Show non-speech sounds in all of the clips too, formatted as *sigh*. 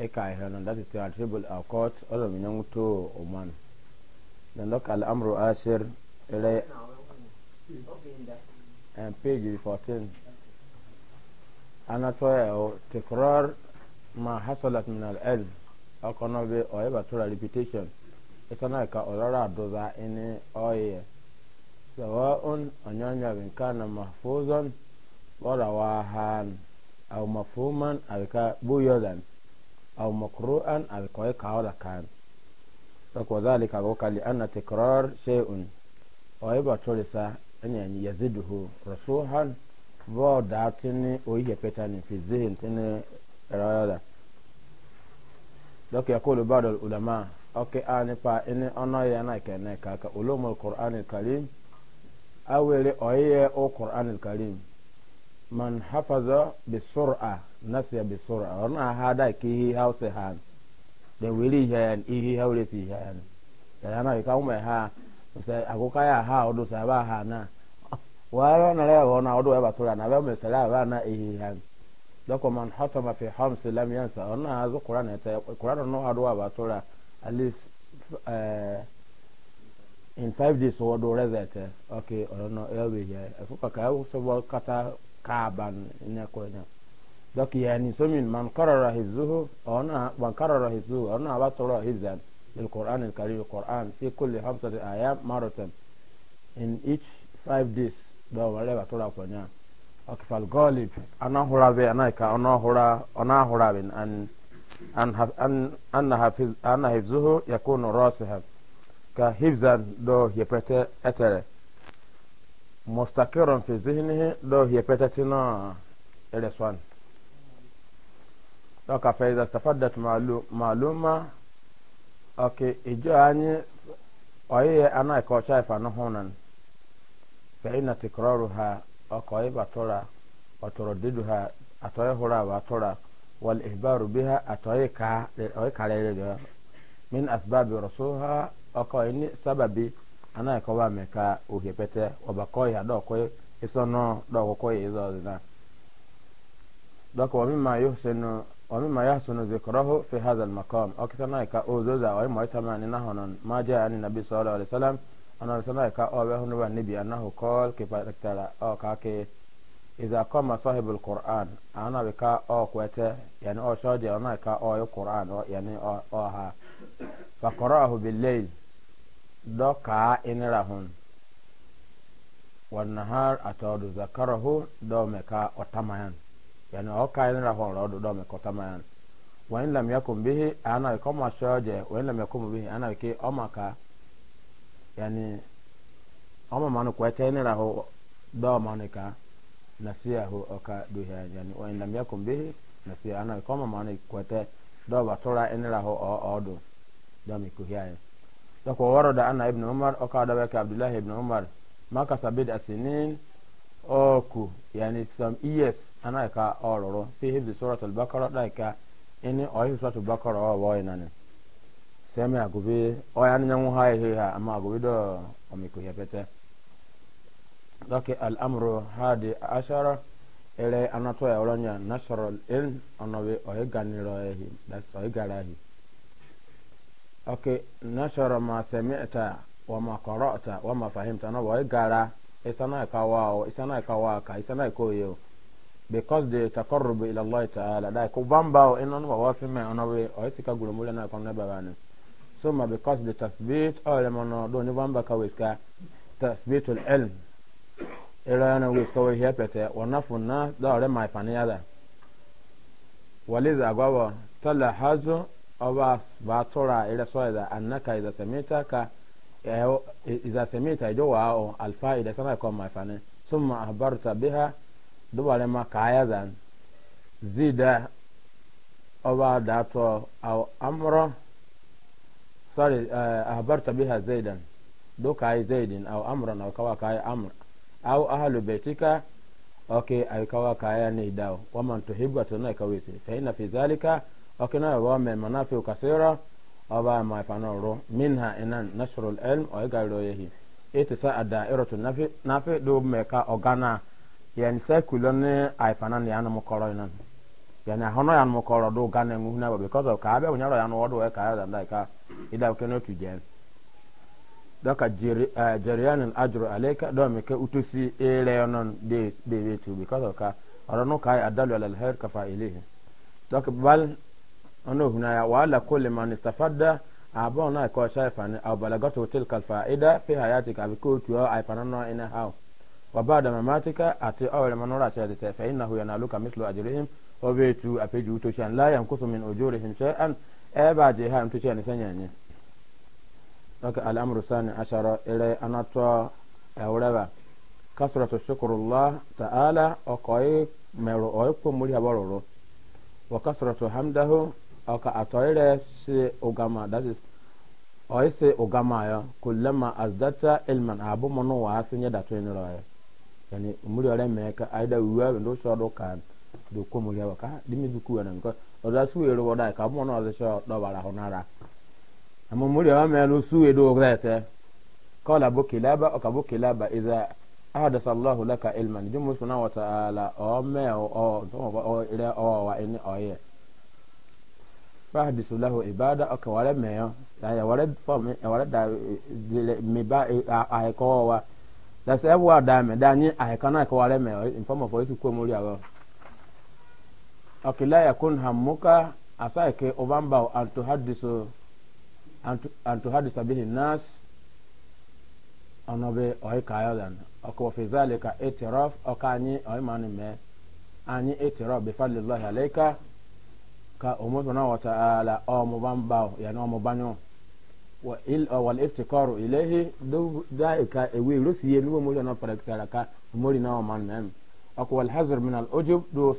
eka hano that is attributable to court olo minyangu to oman then look al amru ashir ile and eh, page 14 anatoya o tikrar ma hasalat min al ilm akono be o eba to repetition isana ka orara doza ini oye sawa'un anyanya bin kana mahfuzan wala wahan aw mafhuman alka buyodan أو مقروءا أو كوي كاولا كان وذلك أقول لأن تكرار شيء ويبا تولسا أن يزيده رسوها وداتني وهي بتاني في الذهن تني رأيلا لك يقول بعض العلماء أوكي أنا با إن أنا يانا كنكا علوم القرآن الكريم أولي أوي القرآن الكريم man hafaza bi sur'a nasiya bi sur'a wannan hada ke hi hausa ha da wili yan ihi haure fi yan da yana ka ha sai agoka ya ha odo sa ba ha na *laughs* wala na le na odo ba tura na ba ba na ihi ha dako man hatama fi hams lam yansa wannan azu qur'an ta qur'an no adwa ba tura at least eh, in five days odo okay or no ya ka so kata kaaban ne ko ne donc yani somin man karara hizzuhu ona man karara hizzuhu ona ba toro hizzan lil qur'an al karim qur'an fi kulli hamsati ayam maratan in each five days do wale ba toro ko nya akfal galib ana hura be ana ka ana hura ana hura bin an an an an hafiz ana hizzuhu yakunu rasihan ka hizan do yepete etere mustaqiran fi zihnihi do hiya petatina eleswan doka fa iza tafaddat ma'luma oke ijo anyi oye ana ko chai fa no honan fa ina tikraruha oko iba tora otorodiduha atoye hura wa tora wal ihbaru biha atoye ka oye karere min asbabi rasuha oko ini sababi ana ka wa me ka ohe pete oba ko ya do ko isono do ko ko izo zina do ko mi ma yuhsinu wa mimma yahsunu dhikrahu fi hadha al-maqam akitana ka ozoza wa ma tama ni na honon ma ja ani nabi sallallahu alaihi wasallam ana sana ka o be hunu wa nabi annahu qol ke patala o ka ke idha qama sahibu al-quran ana be ka o kwete yani o shoje ana ka o qur'an yani o ha fa qara'ahu bil-layl doka inirahun wannan har a tawadu zakarahu dome ka otamayan yani oka inirahun rodu dome ka otamayan wani lam yakun bihi ana ko ma shoje wani lam yakun bihi ana ke omaka yani oma manu ko ta inirahu do manika nasiyahu oka duha yani wani lam yakun bihi nasiya ana ko ma manu ko ta do batura inirahu o odu dome ku hiya dɔk wa warada anna ibn umar o ka dawe ka abdullah ibn umar maka sabid asinin o ku yani some years ana ka ororo fi hibdi surat al-baqara da ka ini o hibdi surat al-baqara o wa ina ne seme agobe o ya ni nyanwu ha ihe ha ama agobe do o mi ko yepete dɔk al-amru hadi ashara ere anato ya oronya nasral ilm onobe o ganiro ehi ok nashara ma sami'ta wa ma qara'ta wa ma fahimta na wai gara isana ka wawo isana ka waka isana ko yo because the taqarrub ila Allah ta'ala da ko bamba in on wa fi me on we o tika gulo na kon ba bana so ma because the tasbit o le mono do ni bamba ka we ka tasbit al ilm ila na we ka we he pete wa nafuna da re mai fani ada waliza agwa tala hazo أباس باتورا إلى سويدا أنك إذا سميتك إذا سميت جوا أو الفائدة سنة كم ما فني ثم أخبرت بها دوبارة ما كايزا زيد أبا داتو أو أمر sorry أخبرت بها زيدا دو كاي زيد أو أمرا أو كوا كاي أمر أو أهل بيتك أوكي أو كوا كاي نيداو ومن تحب تناي كويسي فإن في ذلك okina okay, wa men manafi kasira aba ma fanoro minha inan nasrul ilm o igaro yehi itisa adairatu nafi nafi eh, do me ka ogana yani sekulon ay fanan ya no mukoro nan yani hono ya no mukoro do gana ngu na ba because of ka be unyaro ya no wodo e ka ya da ka ida okino tuje doka jiri because of ka orono أنه هنا وعلى كل من استفاد أبونا يكون شايفا أو بلغته تلك الفائدة في حياتك أبكوت يو أيفنانا إن هاو وبعد ما ماتك أتي أول من نرى شهادته فإنه ينالك مثل أجرهم وبيتو أبيجو تشان لا ينقص من أجورهم شيئا أبا جيهام تشان سنيني الأمر الثاني عشر إلى أن أتوى أولبا كثرة الشكر الله تعالى أقوي مرؤوكم مليا برورو وكثرة حمده aka atoire se ogama that is oy se ogama ya ilman abu mono wa asinya da twen roye ya umuri ore me ka wiwa do ka do ka dimi zuku wa nan ọrụ ka mono oda so do bara honara amma muri wa me no su edo grete qala kilaba ka bu kilaba laka wa fahadisu lahu ibada o ka wale meyo ya wale fom ya wale da zile miba a ko wa da se wa da me da ni a ka na ko wale meyo in form of oisu ko muri awo akila yakun hamuka asa ke obamba an to hadisu an to hadisa bihi nas onobe oy kayo dan o ko fi zalika itiraf o ka ni oy mani me ani itiraf bi fadlillahi alayka ka omo subhanahu wa ta'ala omo bambao yani omo banyo wa il wal iftikaru ilayhi do daika ewe rusi ye nuwo mo na parakara ka mori na man nam ako wal hazr min al ujub do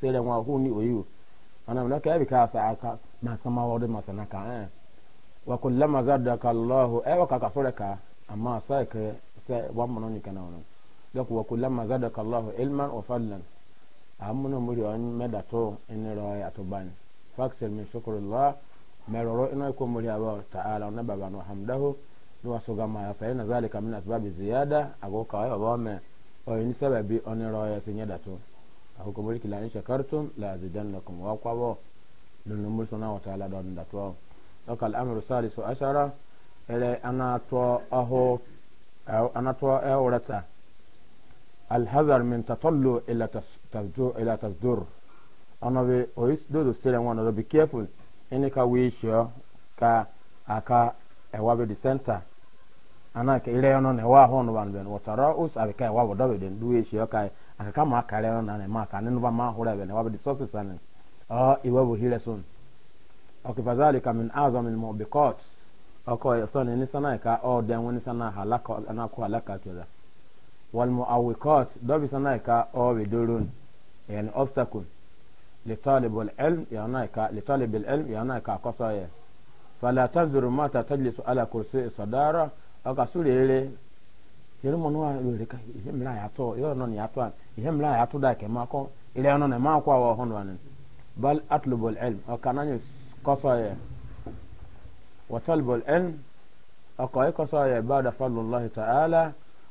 sele wa huni oyu ana na ka bi ka sa ka ma sama wa do masana ka eh wa kullama zadaka allah e eh, wa ka ka sore ka amma sa ke sa wa mono ni kana wono dako wa kullama zadaka allah ilman wa fadlan amuno muri on medato to in ya to ban faksir min shukrullah meroro ina ko muri aba ta'ala on baba no hamdahu no asoga ma fa ina zalika min asbab ziyada ago ka wa ba me o ni sababi on roya ya tinya da to ago ko muri kila in shakartum la azidannakum wa qabo lun numur sana wa ta'ala don da to doka amru salisu ashara ele ana to aho ana to e urata الحذر من تطلع إلى tasdur ila tasdur ana be ois do do sele wana do be careful ini ka we sure ka aka ewa be the center ana ke ile ono ne wa hono ban ben watara us abi ka ewa do be den do we sure ka aka kama ka le ono na ma ka ne no ba ma hore be ne wa be the sources ane ah iwa bo hile sun okifadhalika min azam almubiqat oko yasoni ni sana ka o den woni sana halaka na ko halaka kila wal muawiqat do bi sana ka o be dorun يعني obstacle لطالب العلم يعني كا لطالب العلم يعني كقصايا فلا تنظر متى تجلس على كرسي الصدارة أقصد إليه yẹn mọ nua lórí ka ihe mìíràn yàtọ yọọ nọ ni yàtọ a ihe mìíràn yàtọ dà kẹ mọ akọ ilẹ ọnà nà mọ akọ àwọn ọhún wa ni bal atlubol ẹl ọkà náà yẹ kọsọ yẹ wọtalubol ẹl ọkọ yẹ kọsọ yẹ bá dàfà lọlọhi ta'ala.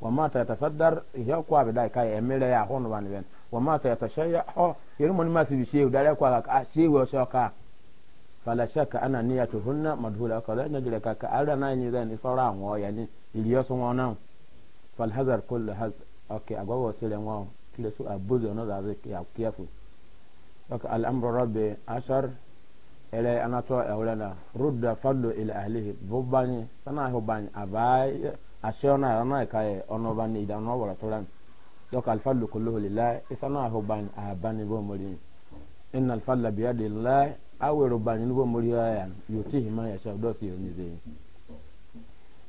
wama ta tasaddar ya kwa bi dai kai emire ya hono ban ben wama ta tashayya ho yiru mun ma sibi shehu dare kwa ka shehu so ka fala shakka ana niyatuhunna madhula ka da na jira ka ka ara na yin zan isora ngo ya ni iliyo so ngona fal hazar kull haz okay agwa sele ngo kile su abuzo no da zai ya kiyafu okay al amru rabbi ashar ele anato ehulana rudda fadlu ila ahlihi bubani sana hubani abai ashona ona e kai e, ono ban ida ono wala tolan dok al fallu kulluhu lillah isana e ho ban a ban go mori inna al falla bi yadi lillah awe ban go mori ya yuti ma ya sha do si ni ze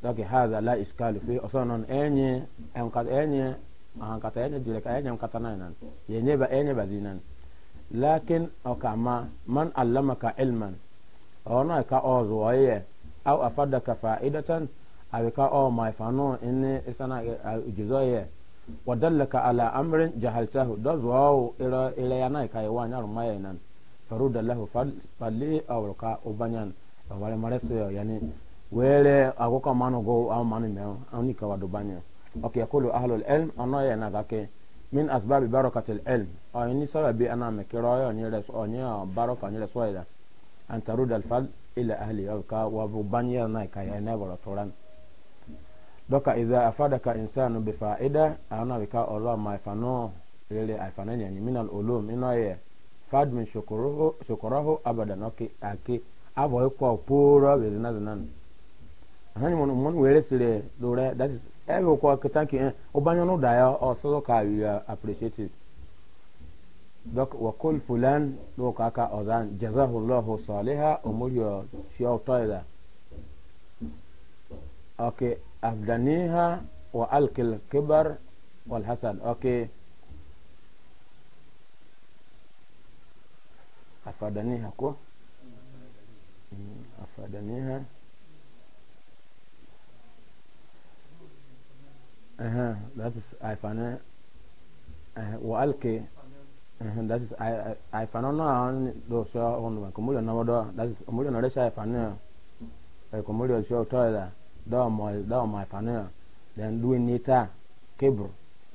dok hadha la iskal fi asanan enye en enye abika o mai fano inni isana jizo ye wadallaka ala amrin jahaltahu da zuwa ira ira yana kai wani arma yayin faruda lahu falli awraka ubanyan wale mareso yani wele agoka manu go au manu me ani ka wadu banya okay yakulu ahlul ilm ana yana gake min asbabi barakatil ilm o ni sababi ana me kiroyo ni res onya baraka ni res waida an taruda al fal ila ahli awka wa banya na kai ne wala toran doka idha afadaka insanu bifaida ana wika ola maifano lele aifananya ni minal ulum inaye fad min shukruhu shukruhu abadan oki aki abo ko pura bezina zanan anani mon mon wele sile dore that is ebe ko kitanki obanyo eh, no daya o so ka you appreciate it dok wa kul fulan do kaka ozan jazahu allah saliha umuriyo shi otoida okay afdaniha wa alkil kibar wal hasad okay afadaniha ko hmm, afadaniha uh-huh that is ifana uh, wa alki uh-huh, that is ifana na do so on ko mulyo na wado that is mulyo na resha ifana ko mulyo so toilet dawa mai dawa mai fanana dan duwe ne ta kibr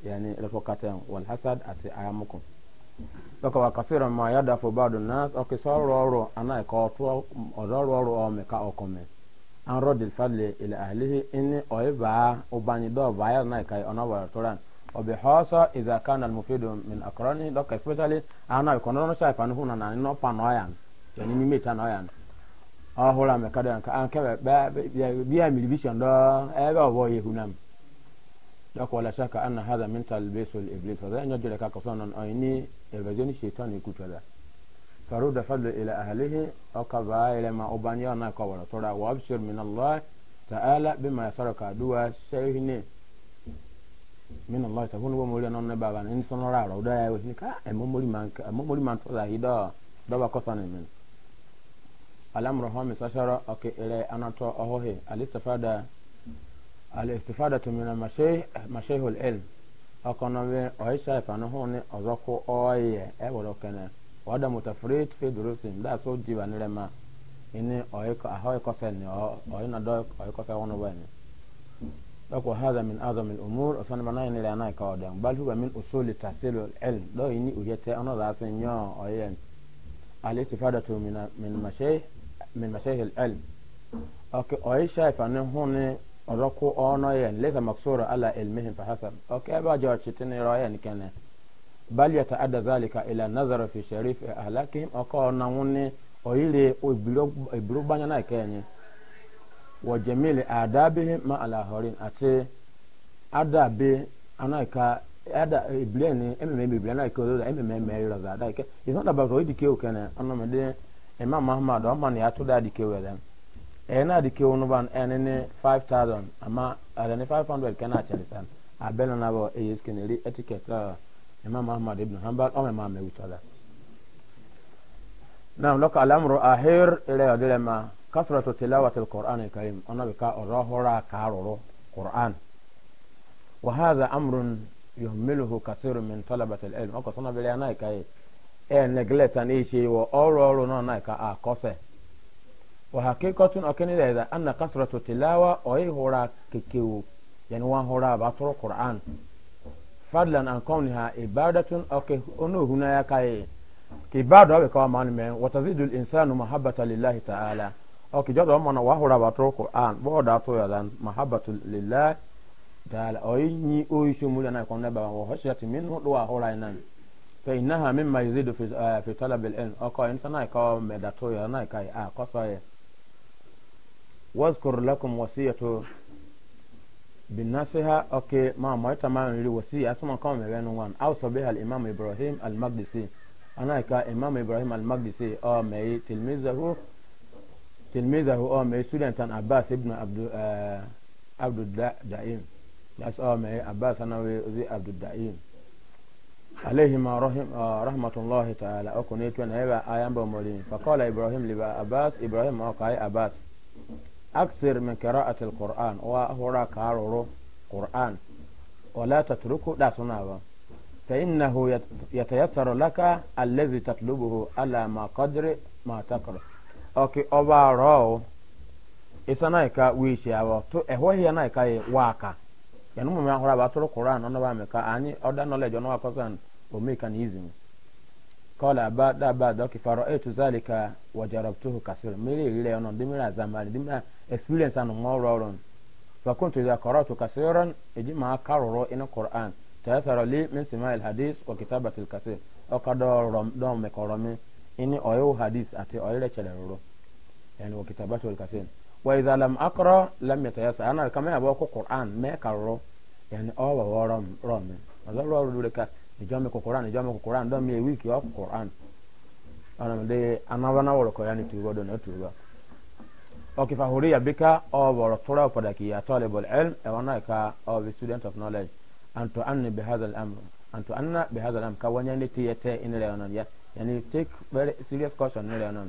yani rato katan wal hasad ati ayamukum daga wa kasiran ma yada fo badu nas o ke soro oro ana ko to oro oro o me ka okome an rodil fadli ila ahlihi inni oiba ubani do baya na kai ona wa toran وبحاصة إذا كان المفيد من أقرانه لك especially أنا يكون لنا شايف أنه هنا نحن نوبا نويان يعني نميت نويان ahora me cada aunque vea vea mi visión da ever voy a hunam da cual es que anna hada mental beso el iblis o sea no quiero que acaso no hay ni el vecino y satan y escucha da فرد فضل إلى أهله أقبى إلى ما أبني أنا كبر ترى وأبشر من الله تعالى بما يسرك دوا سيهني من الله تكون ومولي أن نبغى إن صنع رأو دا يوشنك أمم مولي مانك أمم مولي مانك فلا هيدا دوا كسان من الأمر هو مساشرة أكي إلى أناتو أهوه الاستفادة الاستفادة من المشيه مشيه العلم أكون أهي شايف أنه هون أزاكو أوي أولو كنا وهذا متفريط في دروسهم لا سوء جيبان لما إني أهوي كسن أهي ندوك أهي كسن ونبين لك وهذا من أعظم الأمور أصلا بنا إني لأنا كودم بل هو من أصول تحصيل العلم لو إني أجيتي أنا ذا سنيو أهي الاستفادة من المشيه min masahil ilm okay oyi shaifa ni huni oroku ono yen laysa maksura ala ilmihim fahasab okay ba jo chitini ro yen kene bal yataadda zalika ila nazar fi sharif ahlakihim oko na huni oyire obiro obiro banya na kenye wa jamil adabihim ma ala horin ate adabi anaka ada ibleni ememe ibleni anaka odo ememe meri raza adaike it's not about oyidike okene onomede imam ahmad ọma na ya tụ da adike were ɛyɛ na adike wo no ba ɛne ne five thousand ama ɛde ne five hundred kɛ na akyɛn san abɛn na bɔ ɛyɛ sika na eri etiket a imam ahmad ibn hanbal ɔma ma ma ewutɔ da naam lɔka alamuro ahir ɛrɛ ɔde lɛ ma kasrɔtɔ tilawati qur'an karim ɔna bi ka ɔrɔ hɔrɔ a kaa rɔrɔ qur'an wa hadha amrun yuhmiluhu kasiru min ɔkɔ sɔnna bɛlɛ ya ka ye e neglect an ishe wa ọrụ ọrụ nọ na ka akọse wa hakikatun akini da anna kasratu tilawa oyi hura kekewo yani wan hura ba qur'an fadlan an kauniha ibadatun okay ono huna ya kai ki ibadu abe kawa man men wa tazidul insanu mahabbata lillahi ta'ala okay jodo mo na wa hura ba qur'an bo da to ya dan mahabbatu lillahi ta'ala oyi ni oyi shumula na konna ba wa hashati minhu duwa hura nan فإنها مما يزيد في آه، في طلب العلم أكو إنسان أي أكو مدتوي أنا كاي آه قصاي واذكر لكم وصية بالنصيحة أوكي ما ما تمام لي وصية أسمع كاو مبين وان أوصى بها الإمام إبراهيم المقدسي أنا كا إمام إبراهيم المقدسي أو مي تلميذه تلميذه أو مي سودان عباس ابن عبد آه، عبد الدائم لاس أو مي عباس أنا وزي عبد الدائم عليهما رحم آه رحمة الله تعالى أكون يتوان هيبا آيان بمولين فقال إبراهيم لبا أباس إبراهيم وقاي أباس أكثر من قراءة القرآن وهو كارورو قرآن ولا تتركه لا تنابا فإنه يتيسر لك الذي تطلبه على ما قدر ما تقرأ أوكي أبا راو إسانايكا ويشي أبا تو إهوهي نايكا واكا yanu mu ma hora ba toro qur'an no ba me ka ani oda knowledge no akwa kan o me kan izin qala ba da ba da ki faro etu eh, zalika wa jarabtuhu kasir mere ile ono zamani dimira experience anu mo roron fa kuntu idha qara'tu kasiran ijma karoro in qur'an tayassara li min sima'il hadith wa kitabati al kasir o ka do rom do me ini oyo hadith ati oyire chelero yani wa kitabati al kasir وإذا لم أقرأ لم يتيسر أنا كما أبوك القرآن ما يكرر يعني أو ورم رم هذا الله يقول لك نجامك القرآن نجامك القرآن دم يويك يا القرآن أنا مدي أنا وانا ورك يعني تقول دون تقول أوكي فهوري يا بك أو ورطورة بدك يا طالب العلم وأنا كا أو في student of knowledge أن تؤمن بهذا الأمر أن تؤمن بهذا الأمر كون يعني تيتي إن لا يعني take very serious caution إن لا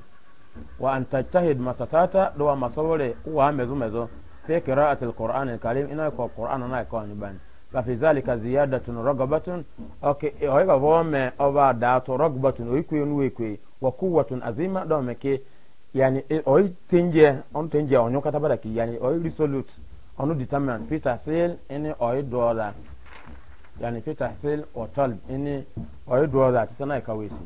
wa an tajtahid masatata do masawore wa mezu mezu fi qira'ati alquran alkarim ina ko qur'an na ko ni ban fa fi zalika ziyadatun ragabatun okay o ga bo me o ba da to ragabatun o ikwe nu ikwe wa quwwatun azima do me ke yani e, o tinje on tinje on yokata baraki yani o resolute on determine peter sale any o dollar yani peter sale or talb any o dollar tsana ka wesi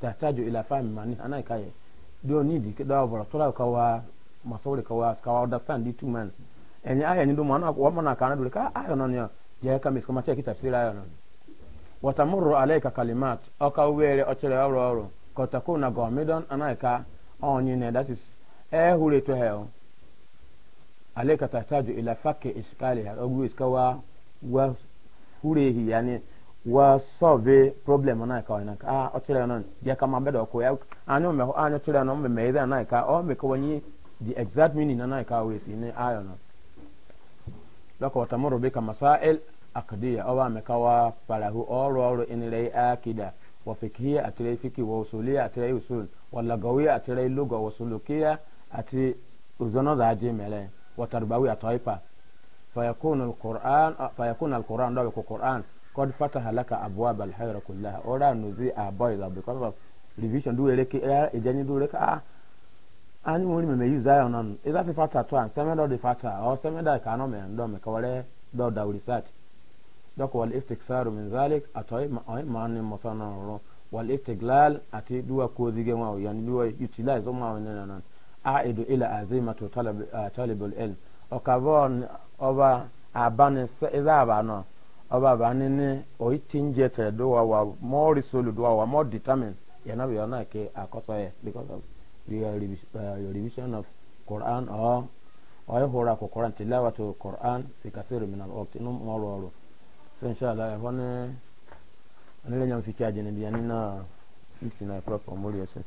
tahtaju ila fahmi mani ana kaye do need ke da over to ka wa masawri ka wa ka wa understand the two man enye aya ni do mana wa mana kana do ka aya non ya ya ka mis kuma cheki tafsira aya non watamurru alayka kalimat aka were ochere oro oro ko takuna gomidon ana ka onyi ne that is eh hure to hell alayka tahtaju ila fakki ogu iskawa wa hurehi yani wa solve problem na ka na ka o tire non dia ka ma bedo ko ya anyo ah, me anyo ah, tire non me me na ka o oh, me ko ni the exact meaning na ka we si ni ayo ah, no lako watamuru bika masail akdiya o wa me ka wa palahu oro oh, oro inile akida wa fikhiya atire fiki wa usuliya atire usul wa lagawiya atire lugha wa sulukiya ati uzono da je mele wa tarbawi ataipa fayakunu alquran fayakunu alquran dawe ko quran قد فتح لك أبواب الخير كلها أورا نزي أبويضا because of revision do eleke ya ejani do eleke ah ani mo ni me use iron on is that fata to an semen do the fata or semen da ka no me ndo me ka wale do da research dok wal istiksaru min zalik atoy ma ma ni mo sana ro wal istiglal ati duwa ko zige ma o yani duwa utilize ma o a edo ila azimatu talab talibul ilm o ka bon over abane iza ba no ọba ba ne ne oyi ti n jẹ tẹ do wa wa more resolute wa wa more determined yẹn náà yọ náà ké akọsọ yẹ because of uh, uh, your revision of quran or ọyẹ hora kọ quran tilawa to quran fikasi reminal ọt inú mọ ọrọ ọrọ so inshallah ẹ fọn ní ẹni lẹ́yìn fi kí ajẹ́ níbi ẹni náà fifty nine o'clock ọmọ orí ẹsẹ̀.